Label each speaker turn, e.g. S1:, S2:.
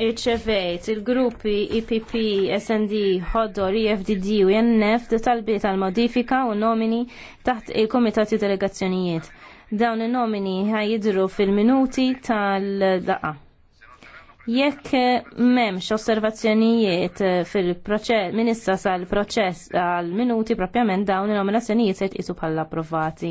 S1: irċevejt il-gruppi IPP, e SND, ħodor, IFDD e u INF talbiet għal modifika u nomini taħt il-Komitati Delegazzjonijiet. Dawn il-nomini ħajidru fil-minuti tal-daqa. Jekk memx osservazzjonijiet fil-proċess, minissa sal-proċess għal-minuti propjament dawn il-nominazzjonijiet se jtqisu bħala approvati.